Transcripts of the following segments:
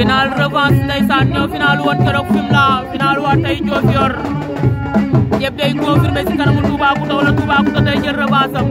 final revanche ndeysaan ñoo final woon keroog Fimela final waat tey Diofior yëpp day confirmé si kanamu Toubacouta wala Toubacouta day jël revanche am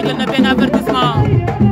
joxe na benn avertissement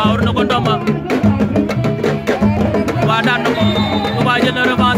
waaw war na ko ndomba waa daan na ko Papa jël na revanche